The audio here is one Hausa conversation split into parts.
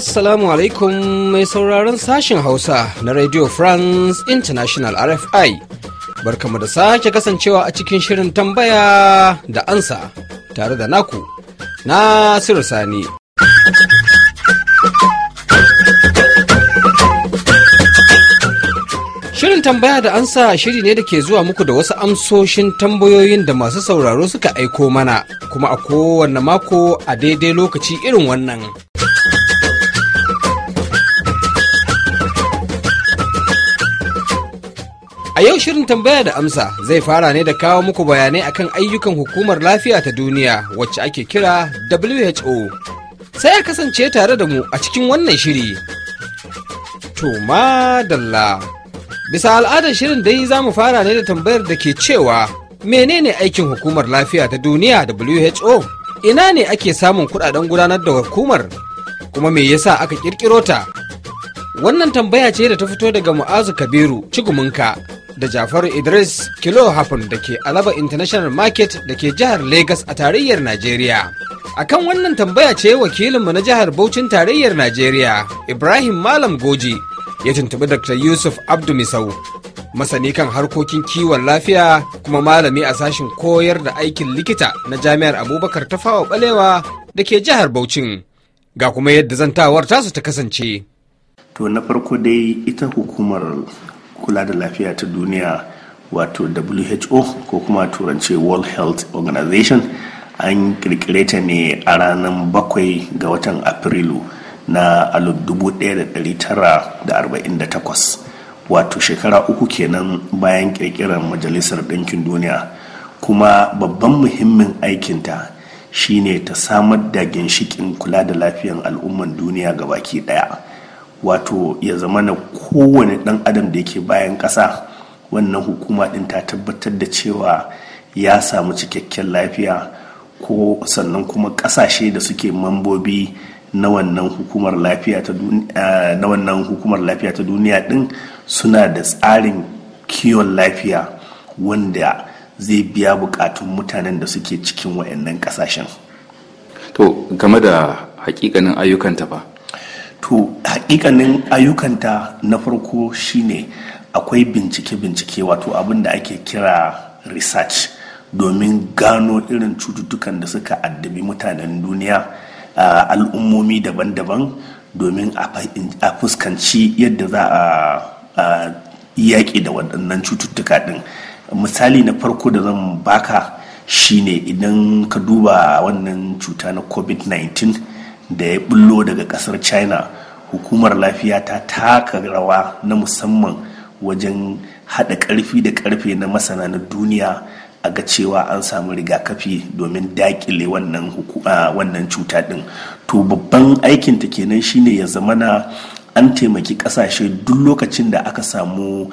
Assalamu alaikum mai sauraron sashen Hausa na Radio France International RFI. Barkamu da sake kasancewa a cikin shirin tambaya da ansa tare da naku, Nasiru Sani. Shirin tambaya da ansa shiri ne da ke zuwa muku da wasu amsoshin tambayoyin da masu sauraro suka aiko mana kuma a kowane mako a daidai lokaci irin wannan. A yau shirin tambaya da amsa zai fara ne da kawo muku bayanai akan ayyukan hukumar lafiya ta duniya wacce ake kira WHO. Sai a kasance tare da mu a cikin wannan shiri. To dalla. Bisa al'adar shirin dai za mu fara ne da tambayar da ke cewa menene aikin hukumar lafiya ta duniya WHO? Ina ne ake samun kudaden gudanar da hukumar? Kuma me yasa aka kirkiro ta? Wannan tambaya ce da ta fito daga Mu'azu Kabiru Cigumunka da Jafaru Idris Kilo Hafin da ke Alaba International Market da ke jihar Lagos a tarayyar Najeriya. Akan wannan tambaya ce wakilinmu na jihar Bauchin tarayyar Najeriya, Ibrahim Malam Goji ya tuntuɓi Dr. Yusuf Abdu Misau, masani kan harkokin kiwon lafiya kuma malami a sashin koyar da aikin likita na jami'ar Abubakar ta fawa balewa da ke jihar baucin Ga kuma yadda zantawar tasu ta kasance. To na farko dai ita hukumar kula da lafiya ta duniya wato WHO ko kuma turance World Health Organization an ƙirƙireta ne a ranar bakwai ga watan Afrilu. na 1948 wato shekara uku kenan bayan kirkirar majalisar ɗinkin duniya kuma babban muhimmin aikinta shine ta samar da ginshikin kula da lafiyan al'umman duniya ga baki ɗaya wato ya zama na kowane ɗan adam da yake bayan ƙasa wannan hukuma ɗin ta tabbatar da cewa ya samu cikakken lafiya ko sannan kuma ƙasashe da suke mambobi Eh, na wannan hukumar lafiya ta duniya din suna da tsarin kiwon lafiya wanda zai biya bukatun mutanen da suke cikin wayannan kasashen to game da hakikanin ayyukanta ba to hakikanin ayyukanta na farko shine akwai bincike-bincike wato abin da ake kira research domin gano irin cututtukan da suka addabi mutanen duniya al'ummomi daban-daban domin a fuskanci yadda za a yaƙi da waɗannan cututtuka ɗin misali na farko da zan baka shine idan ka duba wannan cuta na covid-19 da ya bullo daga ƙasar china hukumar lafiya ta taka rawa na musamman wajen haɗa ƙarfi da ƙarfe na masana na duniya a ga cewa an samu rigakafi domin dakile wannan cuta din to babban aikinta kenan shine ya zamana an taimaki kasashe duk lokacin da aka samu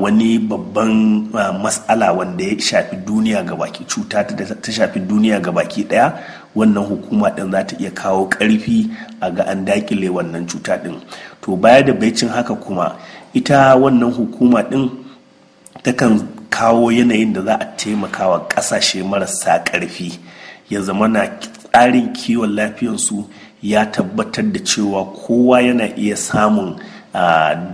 wani babban matsala wanda ya shafi duniya ga baki cuta ta shafi duniya ga baki daya wannan hukuma din za ta iya kawo karfi a ga an dakile wannan cuta din to baya da baicin haka kuma ita wannan hukuma din takan kawo yanayin da za a taimakawa ƙasashe marasa ƙarfi ya zama tsarin kiwon lafiyansu ya tabbatar da cewa kowa yana iya samun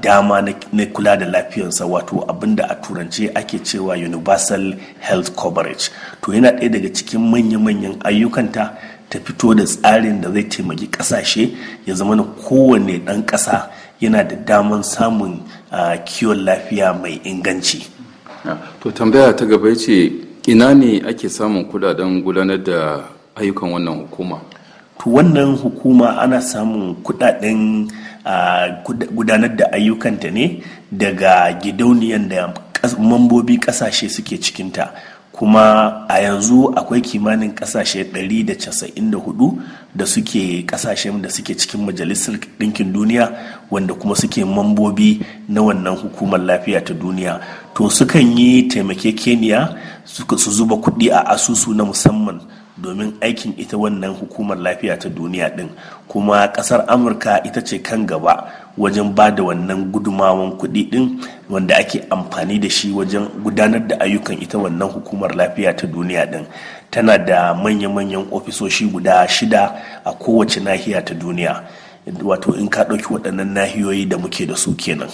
dama na kula da lafiyansa wato abinda a turance ake cewa universal health coverage to yana ɗaya daga cikin manya-manyan ayyukanta ta fito da tsarin da zai taimaki ƙasashe ya zama na kowane ɗan ƙasa yana da daman samun kiwon lafiya mai inganci. Ah, to tambaya ta gaba ce ina ne ake samun kudaden gudanar da ayyukan wannan hukuma to wannan hukuma ana samun kudaden ah, gudanar da ayyukanta ne daga gidauniyan da mambobi kasashe suke cikinta kuma a yanzu akwai kimanin kasashe 194 da suke kasashen da suke cikin majalisar ɗinkin duniya wanda kuma suke mambobi na wannan hukumar lafiya ta duniya to su kan yi keniya su zuba kuɗi a asusu na musamman domin aikin ita wannan hukumar lafiya ta duniya din kuma kasar amurka ita ce kan gaba wajen ba da wannan gudumawan kuɗi din wanda ake amfani da shi wajen gudanar da ayyukan ita wannan hukumar lafiya ta duniya din tana da manya-manyan ofisoshi guda shida a kowace nahiya ta duniya wato in ka ɗauki waɗannan nahiyoyi da muke da su kenan.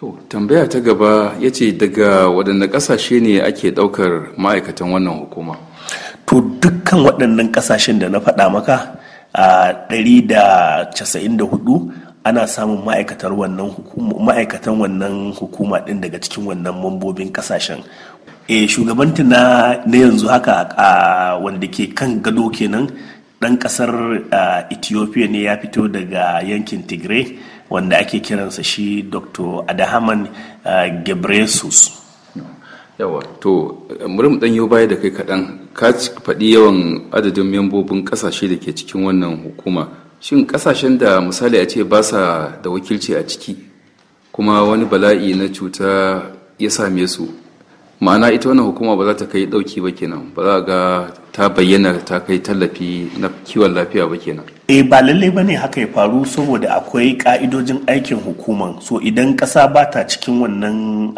To, tambaya ta gaba ya ce daga waɗanda ƙasashe ne ake ɗaukar ma'aikatan wannan hukuma? To, dukkan waɗannan ƙasashen da na faɗa maka a 194 ana samun ma'aikatar wannan ma'aikatan wannan hukuma ɗin daga cikin wannan mambobin ƙasashen. E, eh, shugabanta na yanzu haka a wanda ke kan gado kenan ɗan ƙasar Ethiopia ne ya fito daga yankin Tigray. wanda ake kiransa shi dr adahaman uh, gebresus yawa to murim dan yau baya da kai kaɗan ka faɗi yawan adadin membobin ƙasashe da ke cikin wannan hukuma shin ƙasashen da misali a ce ba sa da wakilci a ciki kuma wani bala'i na cuta ya same su ma'ana ita wannan hukuma ba za ta kai dauki ba kenan ba za ga ta bayyana ta kai tallafi na kiwon lafiya ba kenan e ba lalle ba ne haka ya faru saboda akwai ka'idojin aikin hukuman so idan kasa ba ta cikin wannan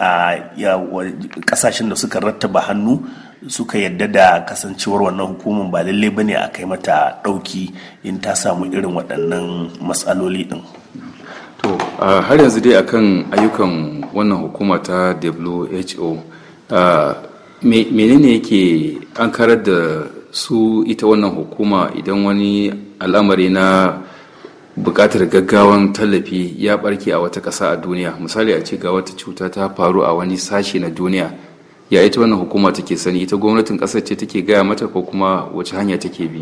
kasashen da suka rattaba hannu suka yadda da kasancewar wannan hukuman ba lalle ba ne a kai mata dauki in ta samu irin waɗannan matsaloli din to har yanzu dai akan ayyukan wannan hukuma ta who Ah, menene yake an karar da su ita wannan hukuma idan wani al'amari na bukatar gaggawan tallafi ya barke a wata ƙasa a duniya misali a ce ga wata cuta ta faru a wani sashe na duniya ya ita wannan hukuma take sani ita gwamnatin ƙasar ce take gaya mata ko kuma wace hanya take bi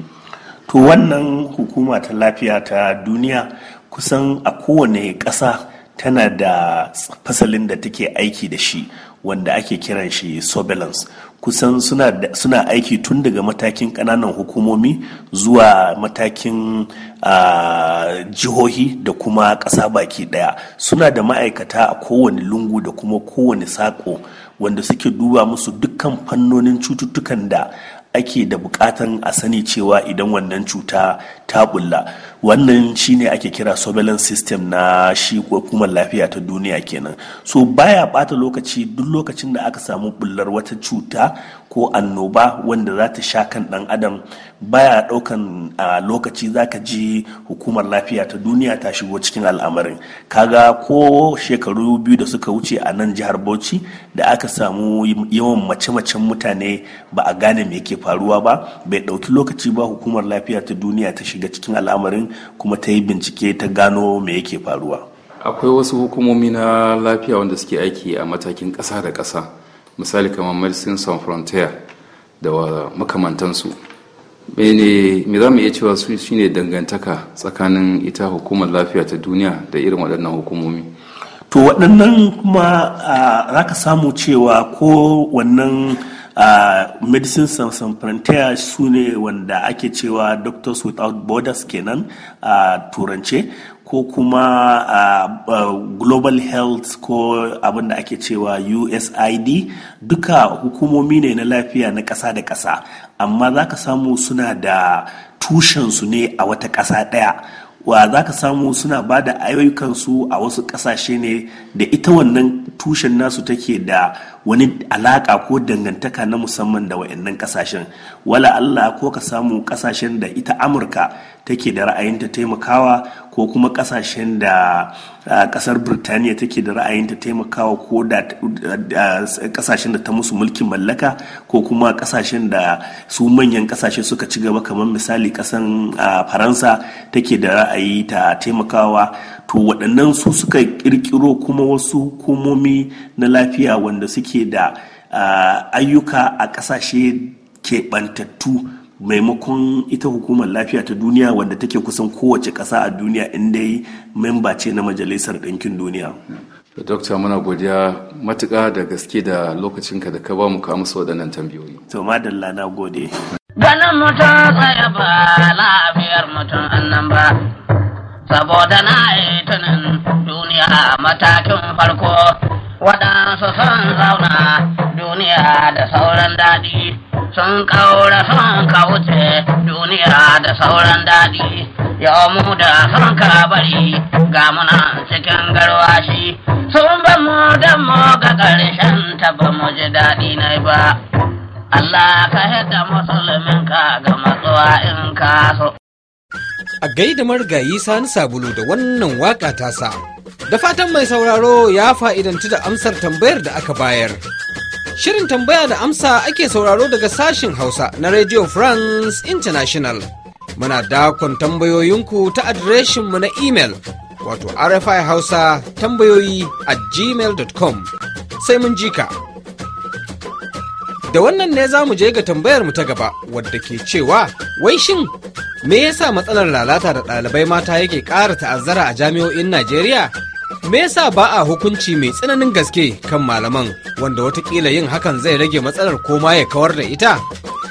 to wannan hukuma ta lafiya ta duniya kusan a kowane ƙasa tana da fasalin da take aiki da shi wanda ake kiran shi surveillance kusan suna, suna aiki tun daga matakin kananan hukumomi zuwa matakin uh, jihohi da kuma ƙasa baki ɗaya suna da ma'aikata a kowane lungu da kuma kowane sako wanda suke duba musu dukkan fannonin cututtukan da ake da bukatan a sani cewa idan wannan cuta ta bulla wannan shine ake kira surveillance system na shi hukumar lafiya ta duniya kenan so baya bata lokaci duk lokacin da aka samu bullar wata cuta ko annoba wanda za ta sha kan dan adam baya daukan a lokaci zaka ji hukumar lafiya ta duniya ta shigo cikin al'amarin kaga ko shekaru biyu da suka wuce a nan jihar bauchi da aka samu yawan mace-macen mutane ba a gane me ke faruwa ba bai dauki lokaci ba hukumar lafiya ta duniya ta shiga cikin al'amarin kuma ta yi bincike ta gano me yake faruwa akwai wasu hukumomi na lafiya wanda suke aiki a matakin ƙasa da ƙasa misali kamar medicine sans frontier da makamantansu mene me za mu iya cewa su shine dangantaka tsakanin ita hukumar lafiya ta duniya da irin waɗannan hukumomi to waɗannan kuma za ka samu cewa ko wannan a medicine sans frontier su ne wanda ake cewa doctors without borders kenan a turance ko kuma uh, global health ko abinda ake cewa usid duka hukumomi ne na lafiya na ƙasa da ƙasa amma za ka samu suna da tushensu ne a wata ƙasa ɗaya wa za ka samu suna ba da ayyukansu a wasu ƙasashe ne da ita wannan tushen nasu take da wani alaƙa ko dangantaka na musamman da wa'annan ƙasashen, wala Allah ko ka samu ƙasashen da ita Amurka take da ra'ayinta taimakawa ko kuma ƙasashen da ƙasar Birtaniya take da ra'ayinta taimakawa ko da ƙasashen da ta musu mulkin mallaka ko kuma ƙasashen da su manyan ƙasashe suka ci gaba kamar misali ƙasar Faransa take da ra'ayi ta taimakawa to waɗannan su suka ƙirƙiro kuma wasu hukumomi na lafiya wanda suke ke da ah, ayyuka a ƙasashe keɓantattu maimakon ita hukumar lafiya ta duniya wanda take kusan kowace ƙasa a duniya inda yi memba ce na majalisar ɗinkin duniya. Dokta muna godiya matuƙa da gaske da lokacinka da ka ba mu ka amsa waɗannan tambayoyi. To madalla na gode. Ganin mutum tsaye ba lafiyar mutum annan ba, saboda na yi tunan duniya matakin farko waɗansu sun zauna duniya da sauran daɗi sun ƙaura sun kauce duniya da sauran daɗi yau mu da sun ka ga muna cikin garwashi sun ba mu da mu ga ƙarshen ta ba mu ji daɗi na ba Allah ka hidda musulmin ka ga matsuwa in ka so. A gaida marigayi sani sabulu da wannan waka ta sa Da fatan mai sauraro ya fa'idanci da amsar tambayar da aka bayar. Shirin tambaya da amsa ake sauraro daga sashin Hausa na Radio France International. Muna dakon tambayoyinku ta adireshinmu na imel wato RFI Hausa tambayoyi a gmail.com sai mun jika. Da wannan ne za mu je ga tambayar mu ta gaba wadda ke cewa wai shin Me yasa matsalar lalata da ɗalibai mata yake ƙara ta'azzara a jami'o'in Najeriya? Me yasa ba a hukunci mai tsananin gaske kan malaman wanda watakila yin hakan zai rage matsalar koma ya kawar da ita?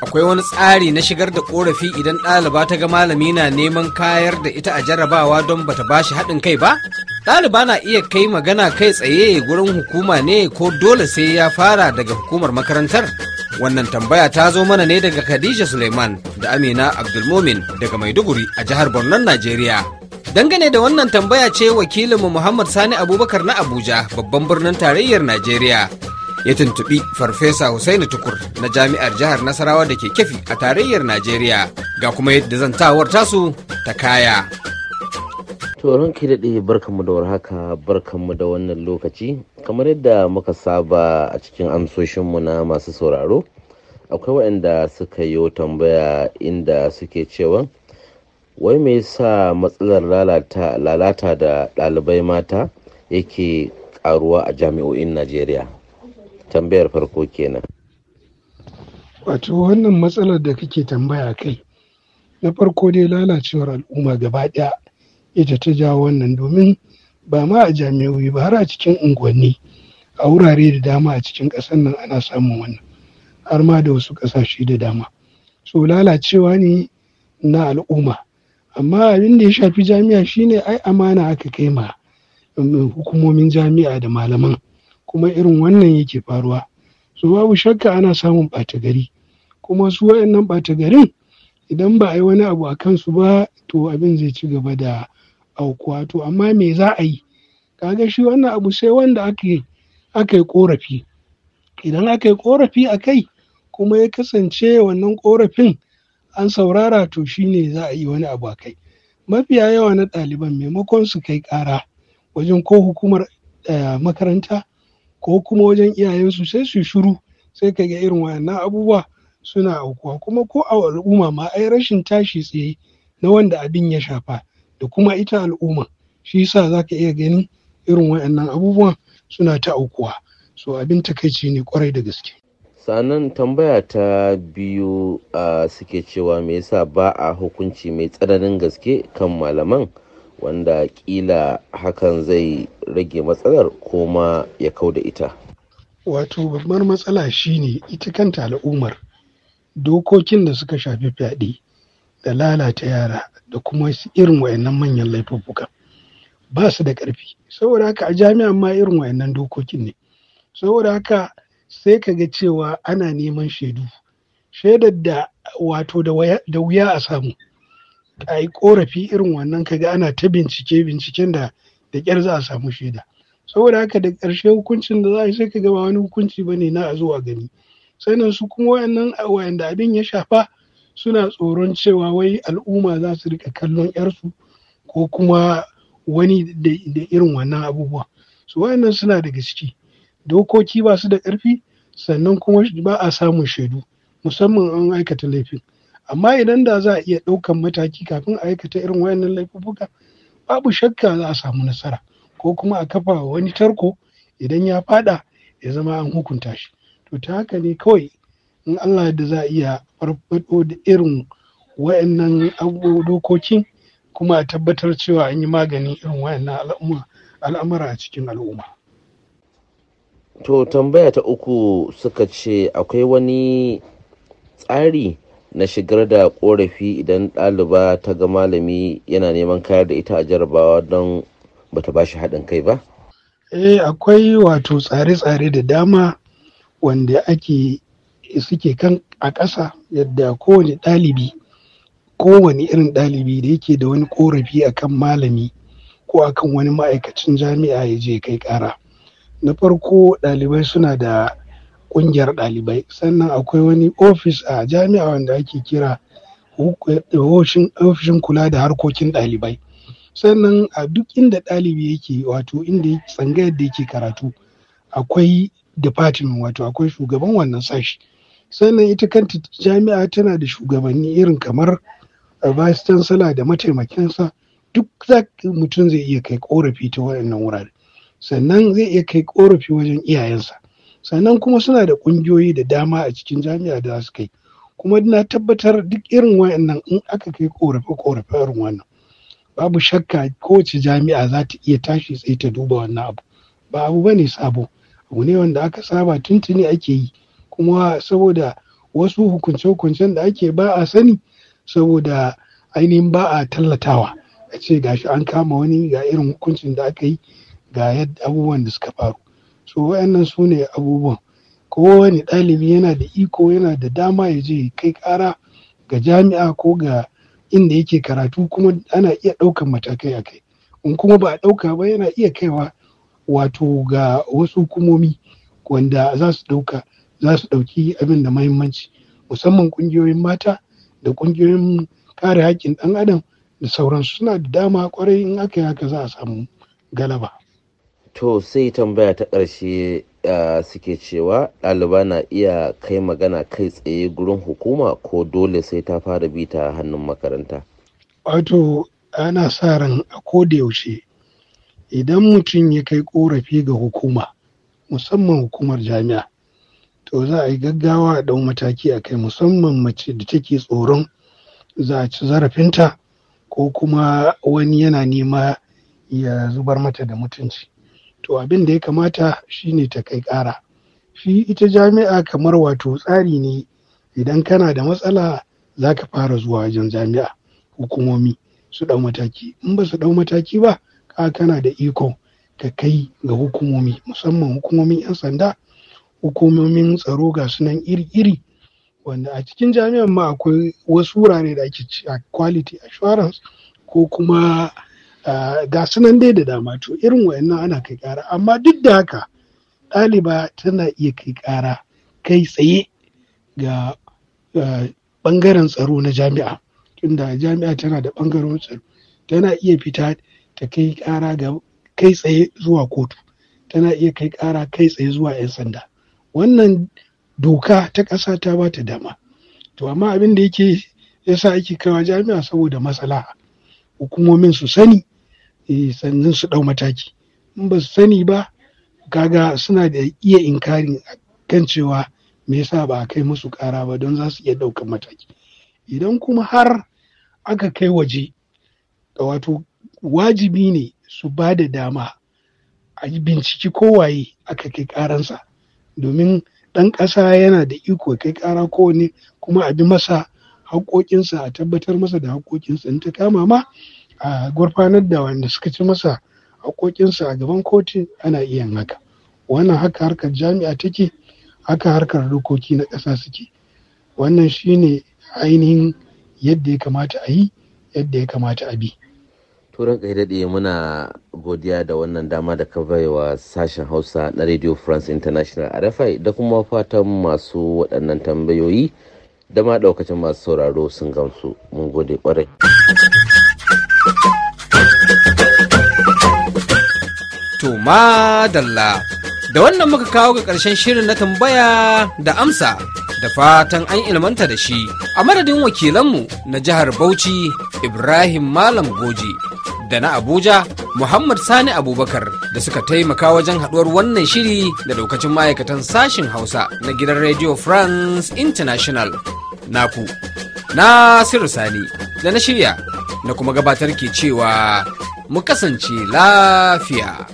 Akwai wani tsari na shigar da ƙorafi idan ɗaliba ta ga malami na neman kayar da ita a jarrabawa don bata bashi haɗin kai ba? ɗaliba na iya kai magana kai tsaye gurin hukuma ne ko dole sai ya fara daga hukumar makarantar Wannan tambaya ta zo mana ne daga Khadija Suleiman da Amina Abdulmumin daga Maiduguri a jihar Borno, Najeriya. Dangane da wannan tambaya ce wakilinmu Muhammad Sani Abubakar na Abuja babban birnin tarayyar Najeriya. Ya tuntuɓi Farfesa Hussaini Tukur na Jami'ar Jihar Nasarawa da ke Kefi a tarayyar Najeriya ga kuma yadda zantawar tasu ta kaya. turon ki daɗe barkanmu da warhaka barkanmu da wannan lokaci kamar yadda muka saba a cikin amsoshinmu na masu sauraro akwai waɗanda suka yi tambaya inda suke cewa wai me yasa matsalar lalata, lalata da ɗalibai mata yake ƙaruwa a jami'o'in najeriya tambayar farko kenan wato wannan matsalar da kake tambaya kai na farko dai lalacewar al'umma gaba ɗaya ita ta jawo wannan domin ba ma a jami'o'i ba har a cikin unguwanni a wurare da dama a cikin ƙasar nan ana samun wannan har ma da wasu ƙasashe da dama so lalacewa ne na al'umma amma abin da ya shafi jami'a shine ai amana aka kai ma um, hukumomin jami'a da malaman kuma irin wannan yake faruwa Su babu shakka ana samun ɓata gari kuma su waɗannan ɓata garin idan ba a yi wani abu a kansu ba to abin zai ci gaba da aukuwa to amma me za a yi kaga shi wannan abu sai wanda aka yi korafi idan aka yi korafi a kai kuma ya kasance wannan korafin an saurara to shi ne za a yi wani abu a kai mafiya yawa na ɗaliban maimakon su kai ƙara wajen ko hukumar eh, makaranta ko kuma wajen iyayensu sai su shiru sai ka ga irin wayannan abubuwa suna aukuwa kuma ko a al'umma ma ai rashin tashi tsaye na wanda abin ya shafa da kuma ita al'umma shi yasa za ka iya ganin irin waɗannan abubuwan suna ta aukuwa so abin takaici ne kwarai da gaske sannan tambaya ta biyu a suke cewa me yasa ba a hukunci mai tsananin gaske kan malaman wanda kila hakan zai rage matsalar koma ya kau da ita wato babbar matsala shine ita kanta al'ummar dokokin da suka shafi fyaɗe da lalata yara da kuma irin wayannan manyan laifuffuka ba su da ƙarfi saboda haka a jami'a ma irin wayannan dokokin ne saboda haka sai ka ga cewa ana neman shaidu shaidar da wato da wuya a samu a yi korafi irin wannan kaga ana ta bincike binciken da da ƙyar za a samu shaida saboda haka da ƙarshe hukuncin da za a yi sai ka gaba wani hukunci ba ne na a zuwa gani sannan su kuma wayannan wayanda abin ya shafa suna tsoron cewa wai al'umma za su rika kallon 'yarsu ko kuma wani da irin wannan abubuwa su wayannan suna daga ciki dokoki ba su da ƙarfi sannan kuma ba a samun shaidu musamman an aikata laifin amma idan da za a iya ɗaukan mataki kafin a aikata irin wayannan laifuka babu shakka za a samu nasara ko kuma a kafa wani tarko idan ya fada ya zama an hukunta shi to ta haka ne kawai in Allah da za a iya farfaɗo da irin wa'annan dokokin kuma a tabbatar cewa an yi magani irin wa'annan al'amura a cikin al'umma. To tambaya ta uku suka ce akwai wani tsari na shigar da korafi idan ɗaliba ta ga malami yana neman kayar da ita a jarabawa don bata shi haɗin kai ba? Eh akwai wato tsare-tsare da dama wanda ake suke kan a ƙasa yadda kowane ɗalibi kowane irin ɗalibi da yake da wani ƙorafi akan malami ko akan wani ma'aikacin jami'a ya je kai ƙara na farko ɗalibai suna da ƙungiyar ɗalibai sannan akwai wani ofis a jami'a wanda ake kira ofishin kula da harkokin ɗalibai sannan a duk inda ɗalibi yake wato inda tsangayar da yake karatu akwai department wato akwai shugaban wannan sashi sannan ita kanta jami'a tana da shugabanni irin kamar uh, vice chancellor da mataimakinsa duk za mutum zai iya kai korafi ta wayannan wurare sannan zai iya kai korafi wajen iyayensa sannan kuma suna da ƙungiyoyi da dama a cikin jami'a da za su kai kuma na tabbatar duk irin wayannan in aka kai korafi korafi irin wannan babu shakka kowace jami'a za ta iya tashi tsaye ta duba wannan abu ba abu bane sabo abu ne wanda aka saba tuntuni ake yi kuma saboda wasu hukunce-hukuncen da ake ba a sani saboda ainihin ba a tallatawa a ce gashi an kama wani ga irin hukuncin da aka yi ga yadda abubuwan da suka faru so wayannan su ne abubuwan kowane ɗalibi yana da iko yana da dama ya je kai ƙara ga jami'a ko ga inda yake karatu kuma ana iya ɗaukan matakai a kai in kuma ba a ɗauka ba yana iya kaiwa wato ga wasu hukumomi wanda za su ɗauka za su ɗauki abin da mahimmanci musamman ƙungiyoyin mata da ƙungiyoyin kare haƙƙin ɗan adam da sauransu suna da dama ƙwarai in aka yi haka za a samu galaba. To sai tambaya ta ƙarshe suke cewa ɗaliba na iya kai magana kai tsaye gurin hukuma ko dole sai ta fara bi ta hannun makaranta. Wato ana sa ran a ko da yaushe idan mutum ya kai ƙorafi ga hukuma musamman hukumar jami'a to za a yi gaggawa a ɗau mataki a kai musamman mace da take tsoron za a ci zarafinta ko kuma wani yana nema ya zubar mata da mutunci to abin da ya kamata shine ta kai ƙara shi ita jami'a kamar wato tsari ne idan kana da matsala za ka fara zuwa wajen jami'a hukumomi su ɗau mataki in ba su ɗau mataki ba ka kana da iko ka kai ga hukumomi musamman hukumomin 'yan sanda hukumomin tsaro ga sunan iri-iri wanda a cikin jami'an ma akwai wasu wurare da ake ci a quality assurance ko kuma ga sunan dai da dama to irin wayannan ana kai kara amma duk da haka ɗaliba tana iya kai kara kai tsaye ga ɓangaren tsaro na jami'a tunda jami'a tana da ɓangaren tsaro tana iya fita ta kai kara ga kai tsaye zuwa kotu tana iya kai kara kai tsaye zuwa 'yan sanda wannan doka ta ƙasa ta ba ta dama to amma abin da yake yasa ake kawo jami'a saboda matsala, hukumomin su sani eh, sannan su ɗau mataki in ba su sani ba kaga suna da iya inkari kan cewa me yasa ba a kai musu ƙara ba don za su iya ɗaukan mataki idan kuma har aka kai waje wato wajibi ne su ba da dama a binciki kowaye aka kai ƙaransa domin ɗan ƙasa yana da iko kai ƙara kowane kuma a bi masa haƙoƙinsa a tabbatar masa da haƙoƙinsa in ta kama ma a gurfanar da wanda suka ci masa haƙoƙinsa a gaban kotun ana iya haka wannan haka harkar jami'a take haka harkar dokoki na ƙasa suke wannan shine ainihin yadda ya kamata a yi yadda ya kamata a bi. turan kai daɗe muna godiya da wannan dama da ka baiwa sashen hausa na radio france international rfi da kuma fatan masu waɗannan tambayoyi da ma ɗaukacin masu sauraro sun gamsu mun gode ƙwarai to madalla da wannan muka kawo ga ƙarshen shirin na tambaya da amsa da fatan an ilmanta da shi a madadin wakilanmu na jihar Bauchi Ibrahim Malam Goji da na Abuja Muhammad Sani Abubakar da suka taimaka wajen haɗuwar wannan shiri da daukacin ma'aikatan sashin Hausa na gidan Radio France International. Naku, Nasiru Sani da na shirya na kuma gabatar ke cewa mu kasance lafiya.